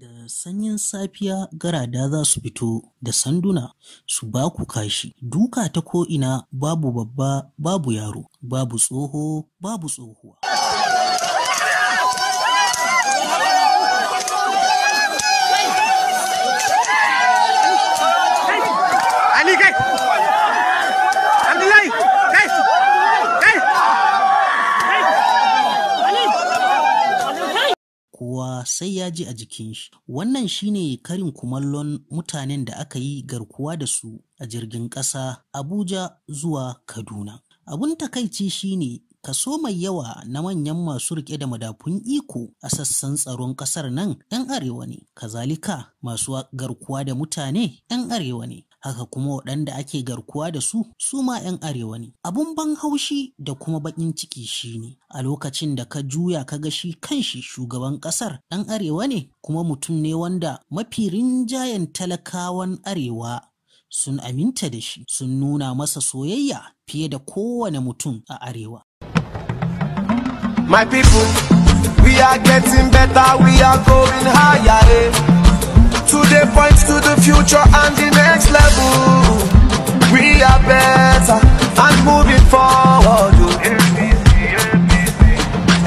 Da sanyin safiya garada za su fito da sanduna su ba ku kashi, duka ta ko'ina babu babba babu yaro, babu tsoho babu tsohuwa. kowa sai ya ji a jikin shi. Wannan shine karin kumallon mutanen da aka yi garkuwa da su a jirgin ƙasa Abuja zuwa Kaduna. Abun takaici shine kaso mai yawa na manyan masu rike da madafun iko a sassan tsaron ƙasar nan 'yan arewa ne, kazalika masu garkuwa da mutane 'yan arewa ne. haka kuma waɗanda ake garkuwa da su su ma 'yan arewa ne abun ban haushi da kuma baƙin ciki shi ne. a lokacin da ka juya ka ga shi kanshi shugaban ƙasar ɗan arewa ne kuma mutum ne wanda mafi rinjayen talakawan arewa sun aminta da shi sun nuna masa soyayya fiye da kowane mutum a arewa My people, we are getting better, we are going higher. Eh? today points to the future and the next level. We are better and moving forward.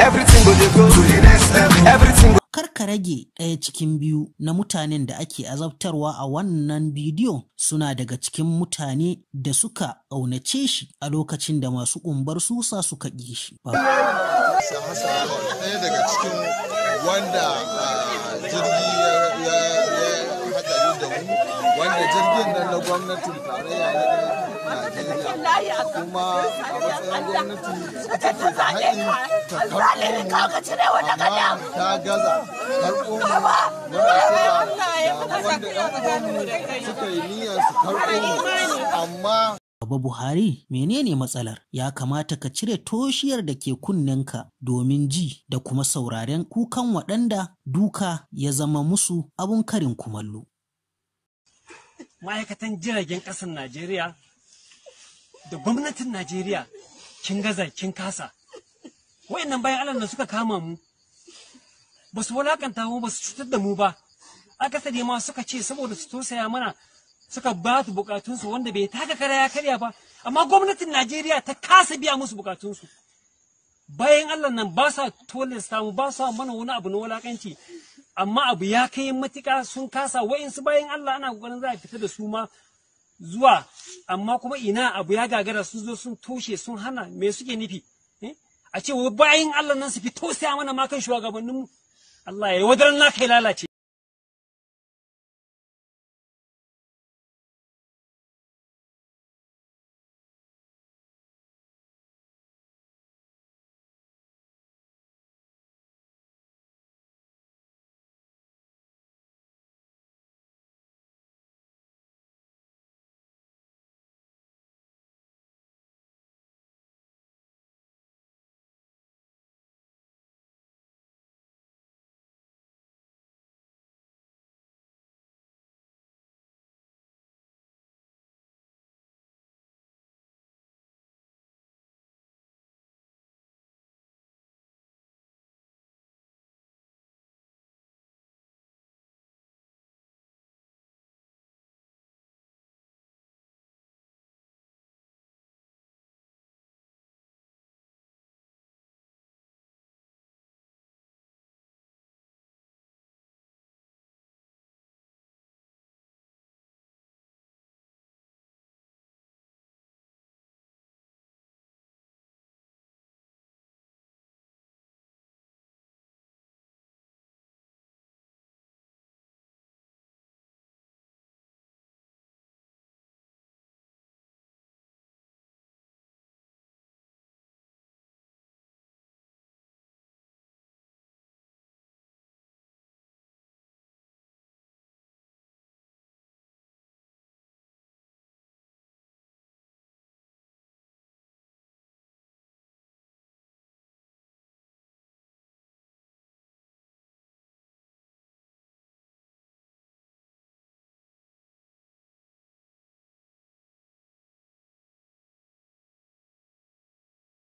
Everything will go to the next level. Everything ka rage ɗaya cikin biyu na mutanen da ake azabtarwa a wannan bidiyo suna daga cikin mutane da suka ƙaunace shi a lokacin da masu ƙumbar susa suka ƙi shi. daga cikin wanda ah, jirgi ya da mu wanda jirgin nan na gwamnatin tarayya na Najeriya kuma a matsayin gwamnati take da haƙi ta karɓo mu amma ta gaza karɓo mu na wanda ya suka yi niyyar su karɓo mu amma Baba Buhari menene matsalar? Ya kamata ka cire toshiyar da ke kunninka domin ji da kuma sauraren kukan waɗanda duka ya zama musu abun karin kumallo. ma'aikatan jiragen ƙasar najeriya da gwamnatin najeriya kin gaza kin kasa wa'annan bayan allah da suka kama mu ba su walakanta mu ba su cutar da mu ba akasari ma suka ce saboda su tosaya mana suka ba su bukatunsu wanda bai taka kara ya karya ba amma gwamnatin najeriya ta kasa biya musu bukatunsu bayan allah nan ba sa tolesta mu ba sa mana wani abu na wulakanci amma abu ya kai matuƙa sun kasa wa'insu bayan Allah ana kokarin za a fita da su ma zuwa amma kuma ina abu ya gagara sun zo sun toshe sun hana me suke nufi eh? a ce bayan Allah nan su fito sai mana ma kan shugabanninmu Allah ya wadaran na kai lalace